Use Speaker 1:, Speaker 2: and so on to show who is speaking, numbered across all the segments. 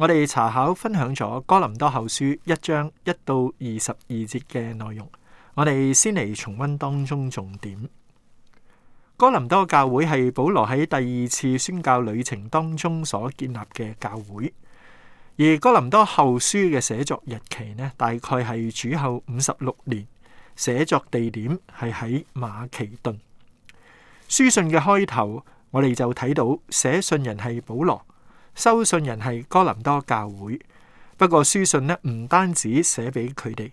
Speaker 1: 我哋查考分享咗哥林多後書一章一到二十二節嘅內容，我哋先嚟重溫當中重點。哥林多教會係保羅喺第二次宣教旅程當中所建立嘅教會，而哥林多後書嘅寫作日期呢，大概係主後五十六年，寫作地點係喺馬其頓。書信嘅開頭，我哋就睇到寫信人係保羅。收信人係哥林多教會，不過書信呢，唔單止寫俾佢哋，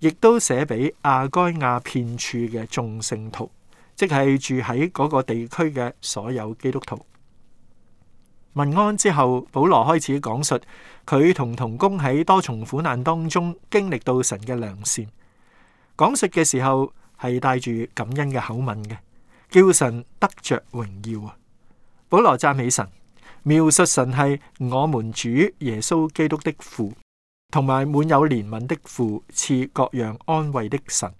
Speaker 1: 亦都寫俾亞該亞片處嘅眾聖徒，即係住喺嗰個地區嘅所有基督徒。問安之後，保羅開始講述佢同同工喺多重苦難當中經歷到神嘅良善。講述嘅時候係帶住感恩嘅口吻嘅，叫神得着榮耀啊！保羅讚美神。描述神係我們主耶穌基督的父，同埋滿有憐憫的父，賜各樣安慰的神。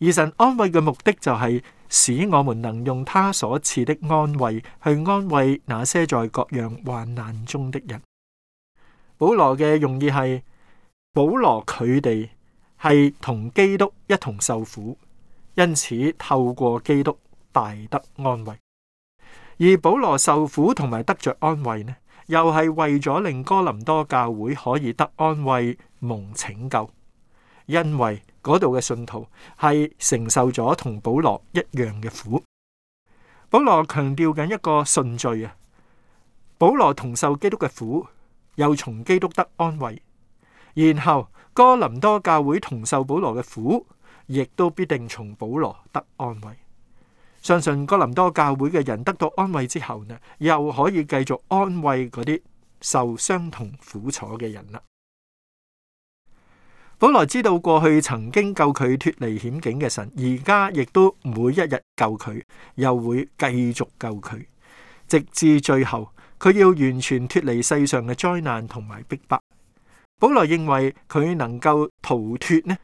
Speaker 1: 而神安慰嘅目的就係使我們能用他所賜的安慰去安慰那些在各樣患難中的人。保羅嘅用意係，保羅佢哋係同基督一同受苦，因此透過基督大得安慰。而保羅受苦同埋得着安慰呢，又係為咗令哥林多教會可以得安慰蒙拯救，因為嗰度嘅信徒係承受咗同保羅一樣嘅苦。保羅強調緊一個順序啊，保羅同受基督嘅苦，又從基督得安慰，然後哥林多教會同受保羅嘅苦，亦都必定從保羅得安慰。相信哥林多教會嘅人得到安慰之後呢，呢又可以繼續安慰嗰啲受傷同苦楚嘅人啦。保羅知道過去曾經救佢脫離險境嘅神，而家亦都每一日救佢，又會繼續救佢，直至最後佢要完全脫離世上嘅災難同埋逼迫。保羅認為佢能夠逃脫呢，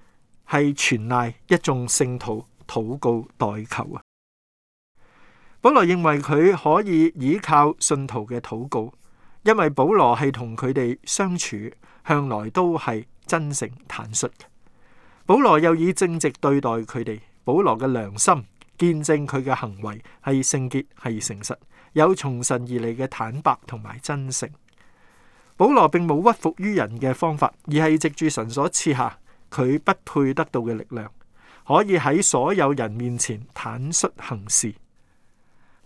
Speaker 1: 係全賴一眾聖徒禱告代求啊。保羅認為佢可以依靠信徒嘅禱告，因為保羅係同佢哋相處向來都係真誠坦率嘅。保羅又以正直對待佢哋，保羅嘅良心見證佢嘅行為係聖潔，係誠實，有從神而嚟嘅坦白同埋真誠。保羅並冇屈服於人嘅方法，而係藉住神所賜下佢不配得到嘅力量，可以喺所有人面前坦率行事。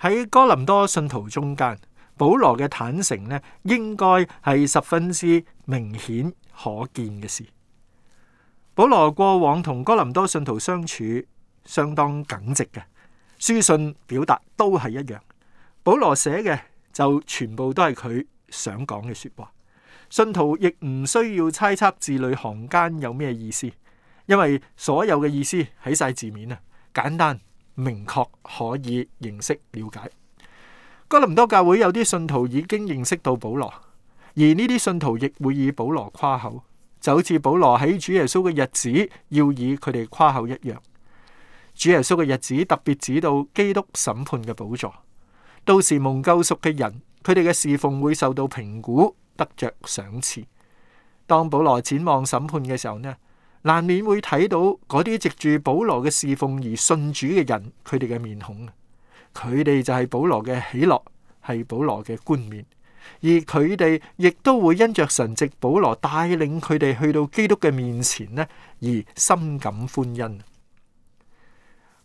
Speaker 1: 喺哥林多信徒中間，保羅嘅坦誠咧，應該係十分之明顯可見嘅事。保羅過往同哥林多信徒相處相當耿直嘅，書信表達都係一樣。保羅寫嘅就全部都係佢想講嘅說話，信徒亦唔需要猜測字裏行間有咩意思，因為所有嘅意思喺晒字面啊，簡單。明確可以認識了解，哥林多教會有啲信徒已經認識到保羅，而呢啲信徒亦會以保羅誇口，就好似保羅喺主耶穌嘅日子要以佢哋誇口一樣。主耶穌嘅日子特別指到基督審判嘅寶座，到時蒙救贖嘅人，佢哋嘅侍奉會受到評估，得着賞賜。當保羅展望審判嘅時候呢？難免會睇到嗰啲藉住保羅嘅侍奉而信主嘅人，佢哋嘅面孔，佢哋就係保羅嘅喜樂，係保羅嘅冠冕，而佢哋亦都會因着神藉保羅帶領佢哋去到基督嘅面前呢，而深感歡欣。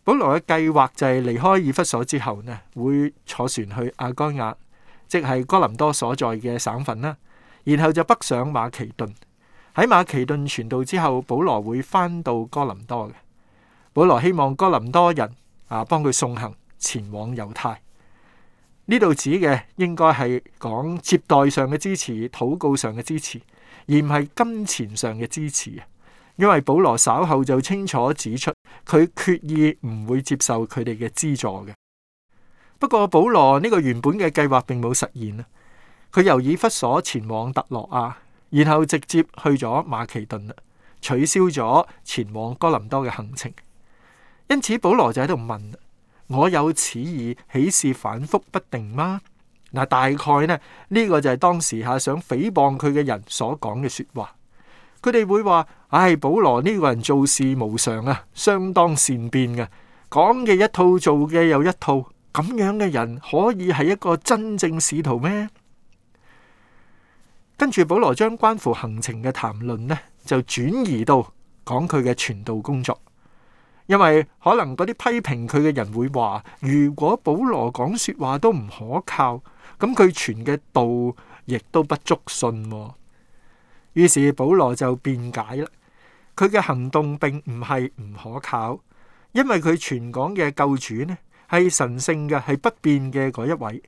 Speaker 1: 保羅嘅計劃就係離開以弗所之後呢，會坐船去亞該亞，即係哥林多所在嘅省份啦，然後就北上馬其頓。喺馬其頓傳道之後，保羅會返到哥林多嘅。保羅希望哥林多人啊幫佢送行前往猶太。呢度指嘅應該係講接待上嘅支持、禱告上嘅支持，而唔係金錢上嘅支持嘅。因為保羅稍後就清楚指出，佢決意唔會接受佢哋嘅資助嘅。不過保羅呢個原本嘅計劃並冇實現啦。佢由以弗所前往特洛亞。然後直接去咗馬其頓啦，取消咗前往哥林多嘅行程。因此保羅就喺度問：我有此意，豈是反覆不定嗎？嗱，大概呢呢個就係當時吓想誹謗佢嘅人所講嘅說話。佢哋會話：唉，保羅呢個人做事無常啊，相當善變嘅，講嘅一套，做嘅又一套。咁樣嘅人可以係一個真正使徒咩？跟住保羅將關乎行程嘅談論呢，就轉移到講佢嘅傳道工作，因為可能嗰啲批評佢嘅人會話，如果保羅講說話都唔可靠，咁佢傳嘅道亦都不足信。於是保羅就辯解啦，佢嘅行動並唔係唔可靠，因為佢傳講嘅救主呢係神聖嘅，係不變嘅嗰一位。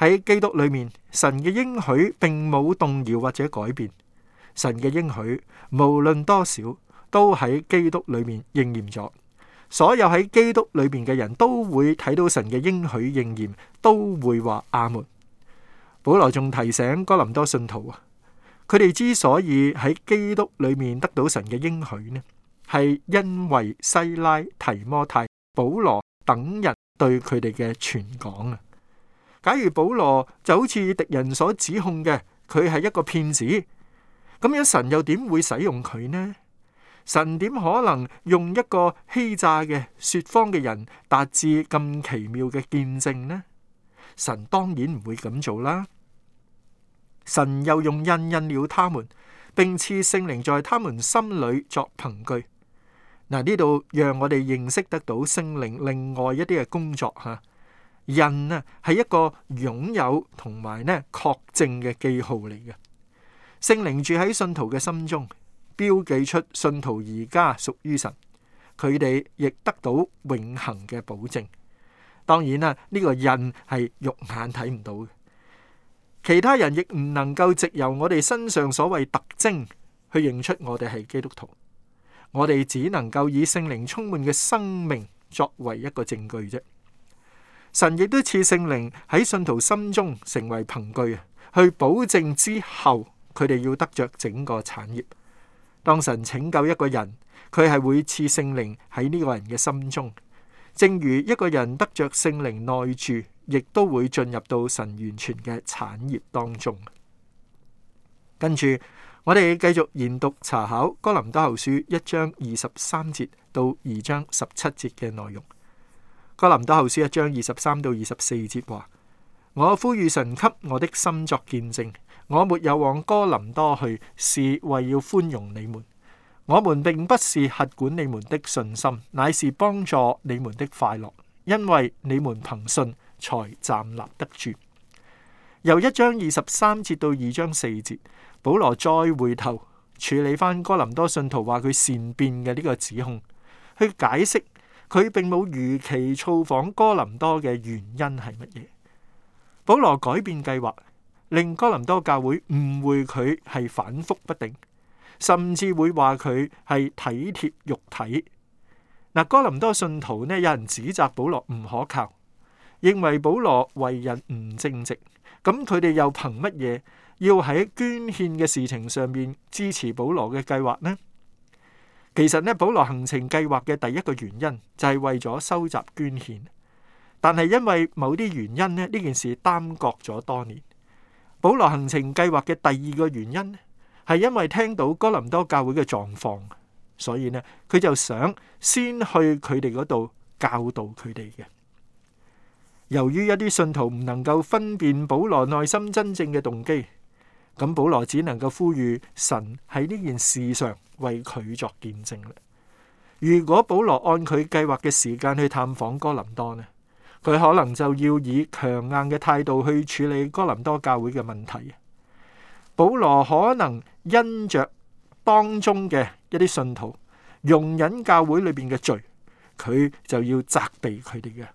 Speaker 1: 喺基督裏面，神嘅應許並冇動搖或者改變。神嘅應許無論多少，都喺基督裏面應驗咗。所有喺基督裏面嘅人都會睇到神嘅應許應驗，都會話阿門。保羅仲提醒哥林多信徒啊，佢哋之所以喺基督裏面得到神嘅應許呢，係因為西拉、提摩太、保羅等人對佢哋嘅傳講啊。假如保羅就好似敵人所指控嘅，佢係一個騙子，咁樣神又點會使用佢呢？神點可能用一個欺詐嘅、說謊嘅人達至咁奇妙嘅見證呢？神當然唔會咁做啦。神又用印印了他們，並賜聖靈在他們心裏作憑據。嗱，呢度讓我哋認識得到聖靈另外一啲嘅工作吓。印啊，係一個擁有同埋呢確證嘅記號嚟嘅。聖靈住喺信徒嘅心中，標記出信徒而家屬於神，佢哋亦得到永恒嘅保證。當然啦，呢個印係肉眼睇唔到嘅，其他人亦唔能夠藉由我哋身上所謂特徵去認出我哋係基督徒。我哋只能夠以聖靈充滿嘅生命作為一個證據啫。神亦都賜聖靈喺信徒心中成為憑據，去保證之後佢哋要得着整個產業。當神拯救一個人，佢係會賜聖靈喺呢個人嘅心中，正如一個人得着聖靈內住，亦都會進入到神完全嘅產業當中。跟住，我哋繼續研讀查考《哥林多後書》一章二十三節到二章十七節嘅內容。哥林多後書一章二十三到二十四節話：我呼籲神給我的心作見證，我沒有往哥林多去是為要寬容你們，我們並不是轄管你們的信心，乃是幫助你們的快樂，因為你們憑信才站立得住。由一章二十三節到二章四節，保羅再回頭處理翻哥林多信徒話佢善變嘅呢個指控，去解釋。佢並冇如期造訪哥林多嘅原因係乜嘢？保羅改變計劃，令哥林多教會誤會佢係反復不定，甚至會話佢係體貼肉體。嗱，哥林多信徒呢，有人指責保羅唔可靠，認為保羅為人唔正直。咁佢哋又憑乜嘢要喺捐獻嘅事情上面支持保羅嘅計劃呢？其實咧，保羅行程計劃嘅第一個原因就係為咗收集捐獻，但係因為某啲原因呢，呢件事耽擱咗多年。保羅行程計劃嘅第二個原因呢，係因為聽到哥林多教會嘅狀況，所以呢，佢就想先去佢哋嗰度教導佢哋嘅。由於一啲信徒唔能夠分辨保羅內心真正嘅動機。咁保羅只能夠呼吁神喺呢件事上為佢作見證啦。如果保羅按佢計劃嘅時間去探訪哥林多呢，佢可能就要以強硬嘅態度去處理哥林多教會嘅問題啊。保羅可能因着當中嘅一啲信徒容忍教會裏面嘅罪，佢就要責備佢哋嘅。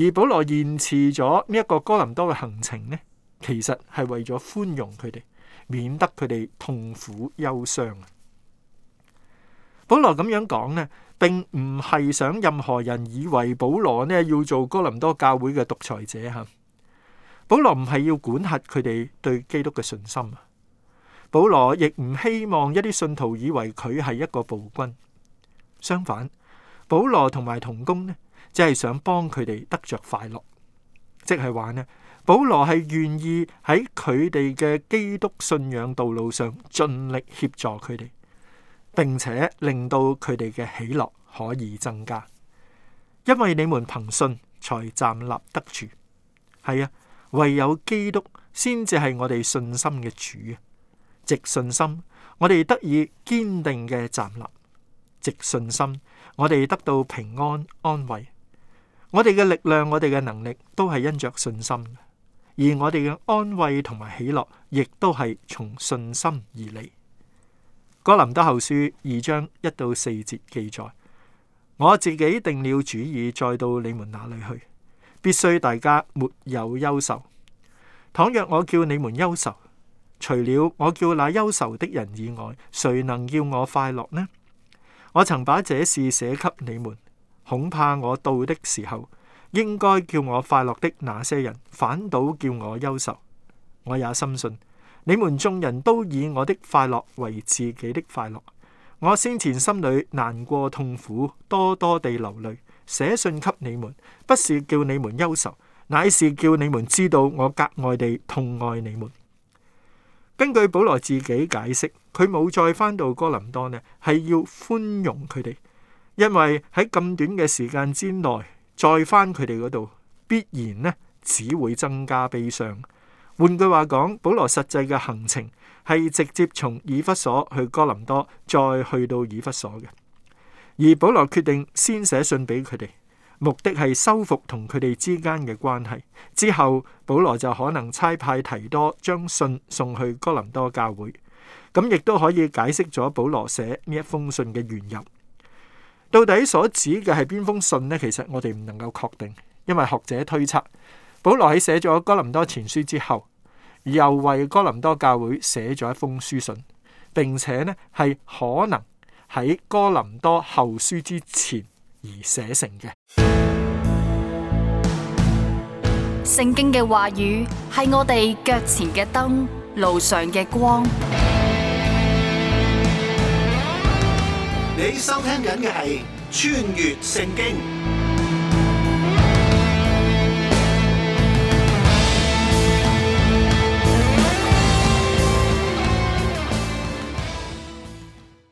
Speaker 1: 而保羅延遲咗呢一個哥林多嘅行程呢？其實係為咗寬容佢哋，免得佢哋痛苦憂傷啊！保羅咁樣講呢，並唔係想任何人以為保羅呢要做哥林多教會嘅獨裁者吓。保羅唔係要管轄佢哋對基督嘅信心啊！保羅亦唔希望一啲信徒以為佢係一個暴君。相反，保羅同埋同工呢，只係想幫佢哋得着快樂，即係話呢。保羅係願意喺佢哋嘅基督信仰道路上盡力協助佢哋，並且令到佢哋嘅喜樂可以增加。因為你們憑信才站立得住，係啊，唯有基督先至係我哋信心嘅主啊。藉信心，我哋得以堅定嘅站立；藉信心，我哋得到平安安慰。我哋嘅力量，我哋嘅能力，都係因着信心。而我哋嘅安慰同埋喜樂，亦都係從信心而嚟。哥林多後書二章一到四節記載：「我自己定了主意，再到你們那裏去，必須大家沒有憂愁。倘若我叫你們憂愁，除了我叫那憂愁的人以外，誰能叫我快樂呢？我曾把這事寫給你們，恐怕我到的時候。應該叫我快樂的那些人，反倒叫我憂愁。我也深信你們眾人都以我的快樂為自己的快樂。我先前心裏難過痛苦，多多地流淚，寫信給你們，不是叫你們憂愁，乃是叫你們知道我格外地痛愛你們。根據保羅自己解釋，佢冇再返到哥林多呢，係要寬容佢哋，因為喺咁短嘅時間之內。再翻佢哋嗰度，必然呢，只會增加悲傷。換句話講，保羅實際嘅行程係直接從以弗所去哥林多，再去到以弗所嘅。而保羅決定先寫信俾佢哋，目的係修復同佢哋之間嘅關係。之後保羅就可能差派提多將信送去哥林多教會。咁亦都可以解釋咗保羅寫呢一封信嘅原由。到底所指嘅係邊封信呢？其實我哋唔能夠確定，因為學者推測，保羅喺寫咗哥林多前書之後，又為哥林多教會寫咗一封書信，並且呢係可能喺哥林多後書之前而寫成嘅。聖經嘅話語係我哋腳前嘅燈，路上嘅光。你收聽緊嘅係《穿越聖經》。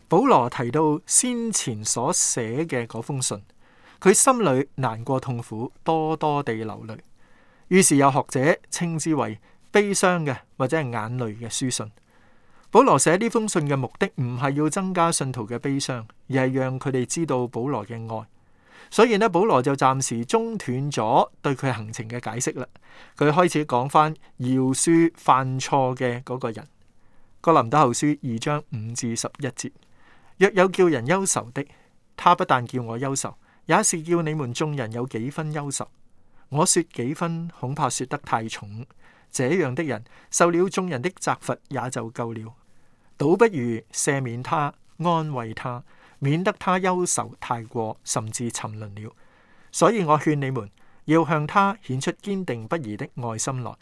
Speaker 1: 保羅提到先前所寫嘅嗰封信，佢心裏難過痛苦，多多地流淚。於是有學者稱之為悲傷嘅或者係眼淚嘅書信。保羅寫呢封信嘅目的唔係要增加信徒嘅悲傷，而係讓佢哋知道保羅嘅愛。所以呢，保羅就暫時中斷咗對佢行程嘅解釋啦。佢開始講翻饒恕犯錯嘅嗰個人，《哥林多後書》二章五至十一節：若有叫人憂愁的，他不但叫我憂愁，也是叫你們眾人有幾分憂愁。我說幾分恐怕說得太重，這樣的人受了眾人的責罰也就夠了。倒不如赦免他，安慰他，免得他憂愁太過，甚至沉淪了。所以我勸你們，要向他顯出堅定不移的愛心來。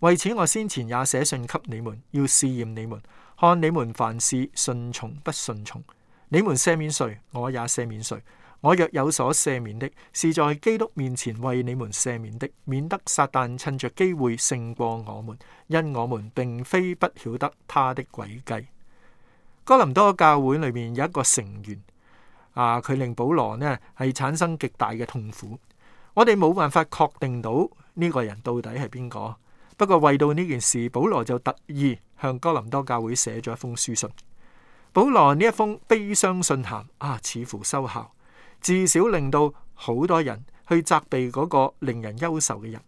Speaker 1: 為此，我先前也寫信給你們，要試驗你們，看你們凡事順從不順從。你們赦免誰，我也赦免誰。我若有所赦免的，是在基督面前為你們赦免的，免得撒旦趁着機會勝過我們，因我們並非不曉得他的詭計。哥林多教會裏面有一個成員，啊，佢令保羅呢係產生極大嘅痛苦。我哋冇辦法確定到呢個人到底係邊個，不過為到呢件事，保羅就特意向哥林多教會寫咗一封書信。保羅呢一封悲傷信函啊，似乎收效，至少令到好多人去責備嗰個令人憂愁嘅人。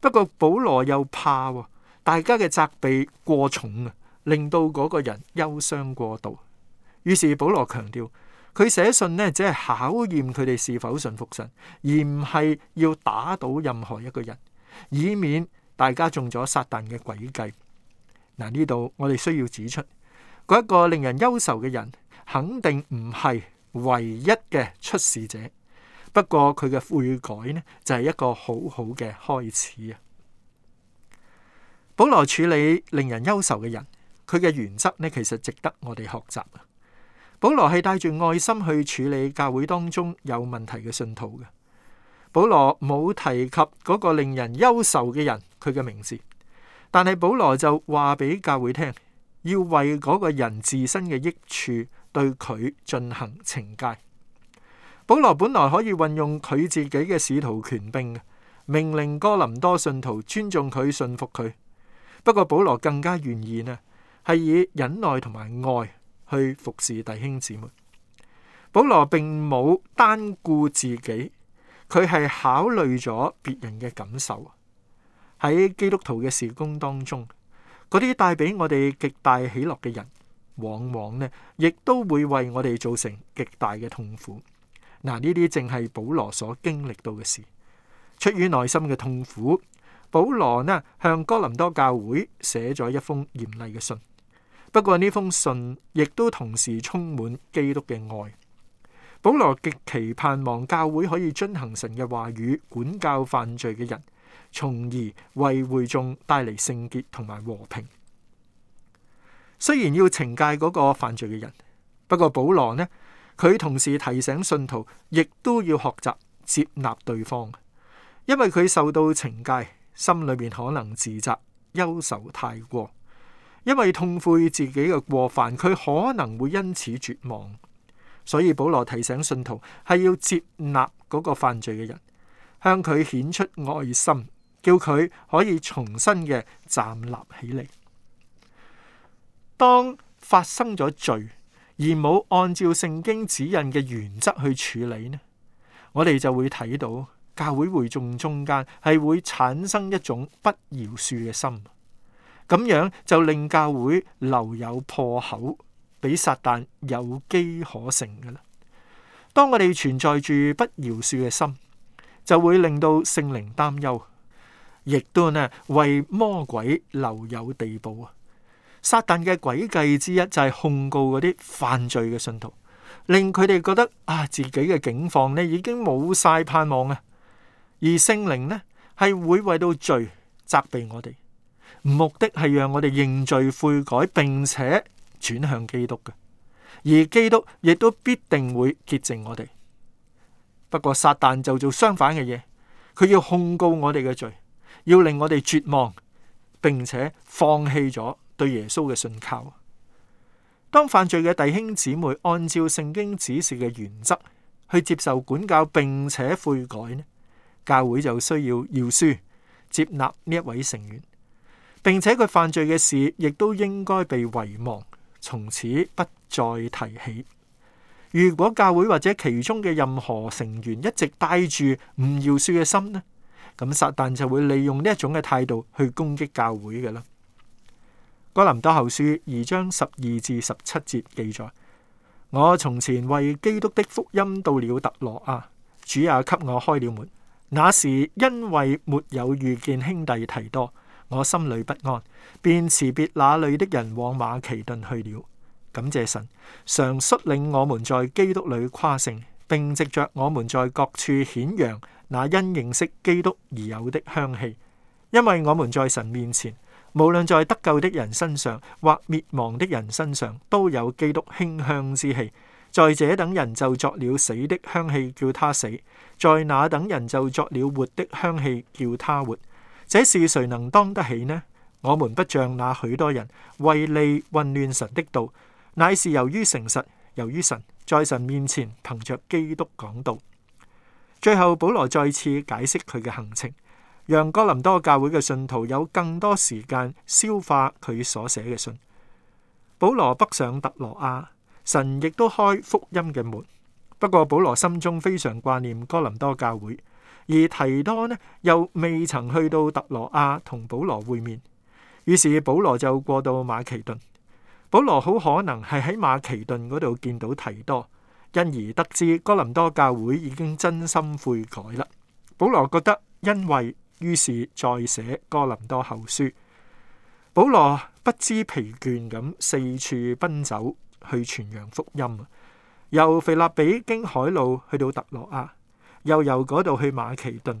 Speaker 1: 不過保羅又怕、哦、大家嘅責備過重啊。令到嗰個人憂傷過度，於是保羅強調，佢寫信呢只係考驗佢哋是否信服神，而唔係要打倒任何一個人，以免大家中咗撒旦嘅詭計。嗱，呢度我哋需要指出，嗰、那、一個令人憂愁嘅人肯定唔係唯一嘅出事者，不過佢嘅悔改呢就係、是、一個好好嘅開始啊！保羅處理令人憂愁嘅人。佢嘅原則呢，其實值得我哋學習啊。保羅係帶住愛心去處理教會當中有問題嘅信徒嘅。保羅冇提及嗰個令人憂愁嘅人佢嘅名字，但係保羅就話俾教會聽，要為嗰個人自身嘅益處對佢進行懲戒。保羅本來可以運用佢自己嘅使徒權柄命令哥林多信徒尊重佢、信服佢，不過保羅更加願意呢。係以忍耐同埋愛去服侍弟兄姊妹。保羅並冇單顧自己，佢係考慮咗別人嘅感受。喺基督徒嘅事工當中，嗰啲帶俾我哋極大喜樂嘅人，往往呢亦都會為我哋造成極大嘅痛苦。嗱，呢啲正係保羅所經歷到嘅事。出於內心嘅痛苦，保羅呢向哥林多教會寫咗一封嚴厲嘅信。不過，呢封信亦都同時充滿基督嘅愛。保羅極其盼望教會可以遵行神嘅話語，管教犯罪嘅人，從而為會眾帶嚟聖潔同埋和平。雖然要懲戒嗰個犯罪嘅人，不過保羅呢，佢同時提醒信徒，亦都要學習接納對方，因為佢受到懲戒，心裏面可能自責、憂愁太過。因為痛悔自己嘅過犯，佢可能會因此絕望，所以保羅提醒信徒係要接納嗰個犯罪嘅人，向佢顯出愛心，叫佢可以重新嘅站立起嚟。當發生咗罪而冇按照聖經指引嘅原則去處理呢，我哋就會睇到教會會眾中間係會產生一種不饒恕嘅心。咁樣就令教會留有破口，俾撒旦有機可乘㗎喇。當我哋存在住不饒恕嘅心，就會令到聖靈擔憂，亦都呢為魔鬼留有地步啊！撒旦嘅詭計之一就係控告嗰啲犯罪嘅信徒，令佢哋覺得啊自己嘅境況呢已經冇晒盼望啊！而聖靈呢係會為到罪責備我哋。目的係讓我哋認罪悔改，並且轉向基督嘅。而基督亦都必定會潔淨我哋。不過，撒旦就做相反嘅嘢，佢要控告我哋嘅罪，要令我哋絕望，並且放棄咗對耶穌嘅信靠。當犯罪嘅弟兄姊妹按照聖經指示嘅原則去接受管教，並且悔改呢，教會就需要要書接納呢一位成員。並且佢犯罪嘅事，亦都應該被遺忘，從此不再提起。如果教會或者其中嘅任何成員一直帶住唔饒恕嘅心呢，咁撒旦就會利用呢一種嘅態度去攻擊教會嘅啦。哥林多後書二章十二至十七節記載：我從前為基督的福音到了特羅亞，主也給我開了門，那時因為沒有遇見兄弟提多。我心裏不安，便辭別那裏的人往馬其頓去了。感謝神，常率領我們在基督裏誇勝，並藉着我們在各處顯揚那因認識基督而有的香氣，因為我們在神面前，無論在得救的人身上或滅亡的人身上，都有基督馨香之氣。在這等人就作了死的香氣，叫他死；在那等人就作了活的香氣，叫他活。這是誰能當得起呢？我們不像那許多人為利混亂神的道，乃是由於誠實，由於神，在神面前憑着基督講道。最後，保羅再次解釋佢嘅行程，讓哥林多教會嘅信徒有更多時間消化佢所寫嘅信。保羅北上特羅亞，神亦都開福音嘅門。不過保羅心中非常掛念哥林多教會。而提多呢又未曾去到特羅亞同保羅會面，於是保羅就過到馬其頓。保羅好可能係喺馬其頓嗰度見到提多，因而得知哥林多教會已經真心悔改啦。保羅覺得欣慰，於是再寫哥林多後書。保羅不知疲倦咁四處奔走去傳揚福音，由腓立比經海路去到特羅亞。又由嗰度去馬其頓，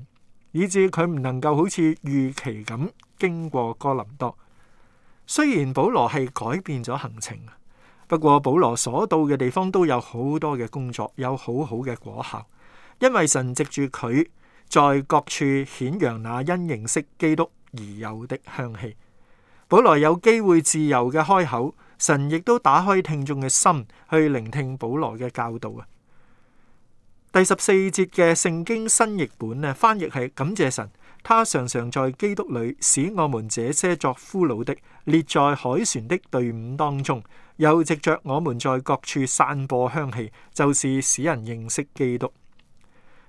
Speaker 1: 以致佢唔能夠好似預期咁經過哥林多。雖然保羅係改變咗行程，不過保羅所到嘅地方都有好多嘅工作，有好好嘅果效。因為神藉住佢在各處顯揚那因認識基督而有的香氣，保羅有機會自由嘅開口，神亦都打開聽眾嘅心去聆聽保羅嘅教導啊！第十四節嘅聖經新譯本呢，翻譯係，感謝神，他常常在基督裏使我們這些作俘虜的列在海船的隊伍當中，又藉着我們在各處散播香氣，就是使人認識基督。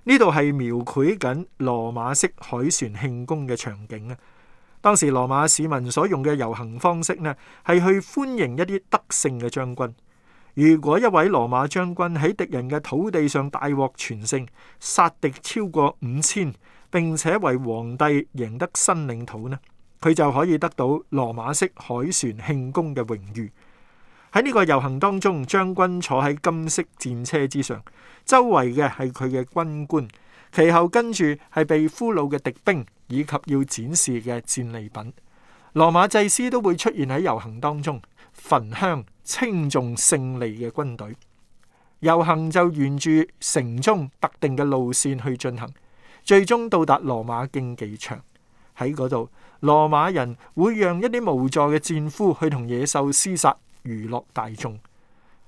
Speaker 1: 呢度係描繪緊羅馬式海船慶功嘅場景啊！當時羅馬市民所用嘅遊行方式呢，係去歡迎一啲得勝嘅將軍。如果一位羅馬將軍喺敵人嘅土地上大獲全勝，殺敵超過五千，並且為皇帝贏得新領土呢，佢就可以得到羅馬式海船慶功嘅榮譽。喺呢個遊行當中，將軍坐喺金色戰車之上，周圍嘅係佢嘅軍官，其後跟住係被俘虜嘅敵兵，以及要展示嘅戰利品。羅馬祭司都會出現喺遊行當中，焚香。輕重勝利嘅軍隊遊行就沿住城中特定嘅路綫去進行，最終到達羅馬競技場喺嗰度，羅馬人會讓一啲無助嘅戰俘去同野獸廝殺，娛樂大眾。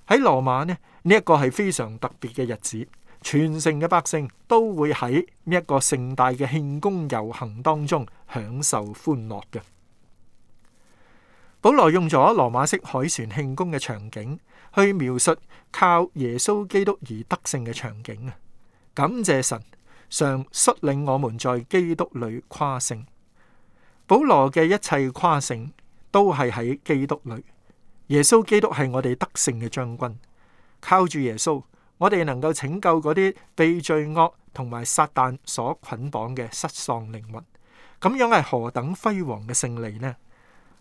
Speaker 1: 喺羅馬呢，呢一個係非常特別嘅日子，全城嘅百姓都會喺呢一個盛大嘅慶功遊行當中享受歡樂嘅。保羅用咗羅馬式海船慶功嘅場景，去描述靠耶穌基督而得勝嘅場景啊！感謝神，常率領我們在基督裏誇勝。保羅嘅一切誇勝都係喺基督裏，耶穌基督係我哋得勝嘅將軍。靠住耶穌，我哋能夠拯救嗰啲被罪惡同埋撒旦所捆綁嘅失喪靈魂。咁樣係何等輝煌嘅勝利呢？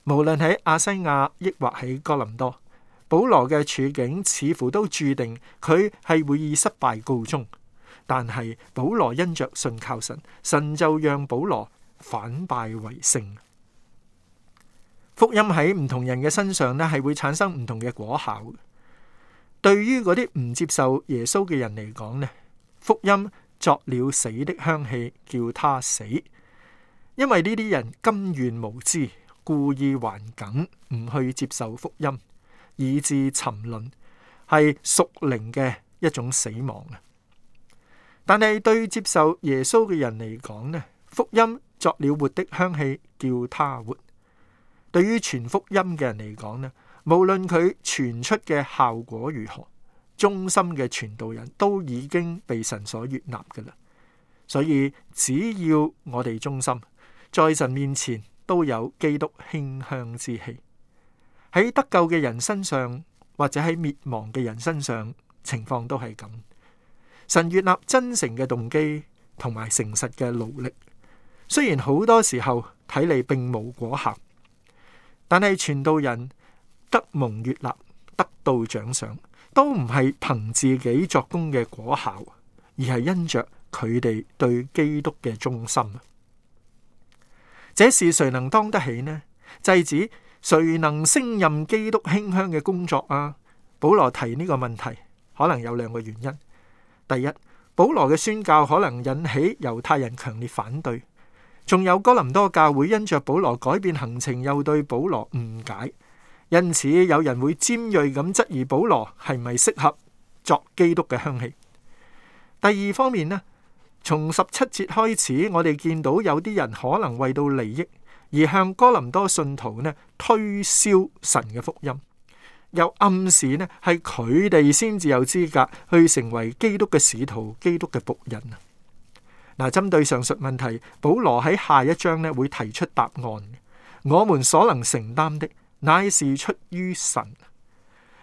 Speaker 1: 無論喺亞西亞，抑或喺哥林多，保羅嘅處境似乎都注定佢係會以失敗告終。但係保羅因着信靠神，神就讓保羅反敗為勝。福音喺唔同人嘅身上咧，係會產生唔同嘅果效。對於嗰啲唔接受耶穌嘅人嚟講咧，福音作了死的香氣，叫他死，因為呢啲人甘願無知。故意頑梗唔去接受福音，以致沉淪，係屬靈嘅一種死亡啊！但係對接受耶穌嘅人嚟講呢，福音作了活的香氣，叫他活。對於傳福音嘅人嚟講呢，無論佢傳出嘅效果如何，忠心嘅傳道人都已經被神所悅納㗎喇。所以只要我哋忠心，在神面前。都有基督馨香之氣，喺得救嘅人身上，或者喺滅亡嘅人身上，情況都係咁。神悅納真誠嘅動機同埋誠實嘅努力，雖然好多時候睇嚟並冇果效，但係傳道人得蒙悅納，得到獎賞，都唔係憑自己作工嘅果效，而係因着佢哋對基督嘅忠心。這事誰能當得起呢？即係誰能勝任基督馨香嘅工作啊？保羅提呢個問題，可能有兩個原因。第一，保羅嘅宣教可能引起猶太人強烈反對；仲有哥林多教會因着保羅改變行程，又對保羅誤解，因此有人會尖銳咁質疑保羅係咪適合作基督嘅香氣。第二方面呢？從十七節開始，我哋見到有啲人可能為到利益而向哥林多信徒呢推銷神嘅福音，又暗示呢係佢哋先至有資格去成為基督嘅使徒、基督嘅僕人啊！嗱，針對上述問題，保羅喺下一章呢會提出答案。我們所能承擔的，乃是出於神。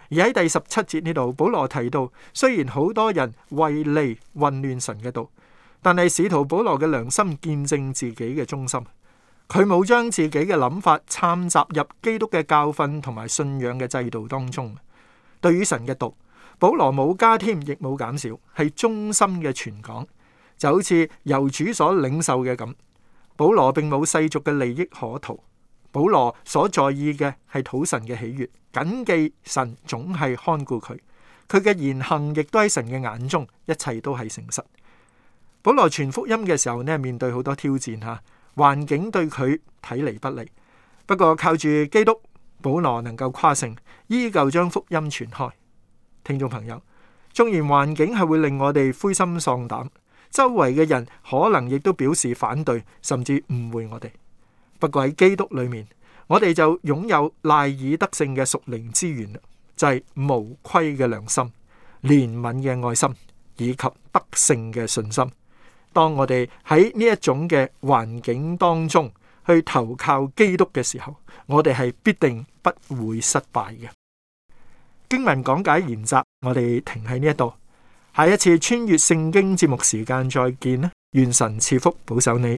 Speaker 1: 而喺第十七節呢度，保羅提到，雖然好多人為利混亂神嘅道。但係，使徒保羅嘅良心見證自己嘅忠心，佢冇將自己嘅諗法摻雜入基督嘅教訓同埋信仰嘅制度當中。對於神嘅道，保羅冇加添，亦冇減少，係忠心嘅傳講，就好似由主所領受嘅咁。保羅並冇世俗嘅利益可圖，保羅所在意嘅係討神嘅喜悅，謹記神總係看顧佢，佢嘅言行亦都喺神嘅眼中，一切都係誠實。保羅傳福音嘅時候咧，面對好多挑戰吓，環境對佢睇嚟不利。不過靠住基督，保羅能夠誇勝，依舊將福音傳開。聽眾朋友，縱然環境係會令我哋灰心喪膽，周圍嘅人可能亦都表示反對，甚至誤會我哋。不過喺基督裏面，我哋就擁有賴以得勝嘅屬靈資源就係、是、無愧嘅良心、憐憫嘅愛心以及得勝嘅信心。當我哋喺呢一種嘅環境當中去投靠基督嘅時候，我哋係必定不會失敗嘅。經文講解研習，我哋停喺呢一度，下一次穿越聖經節目時間再見啦！願神賜福保守你。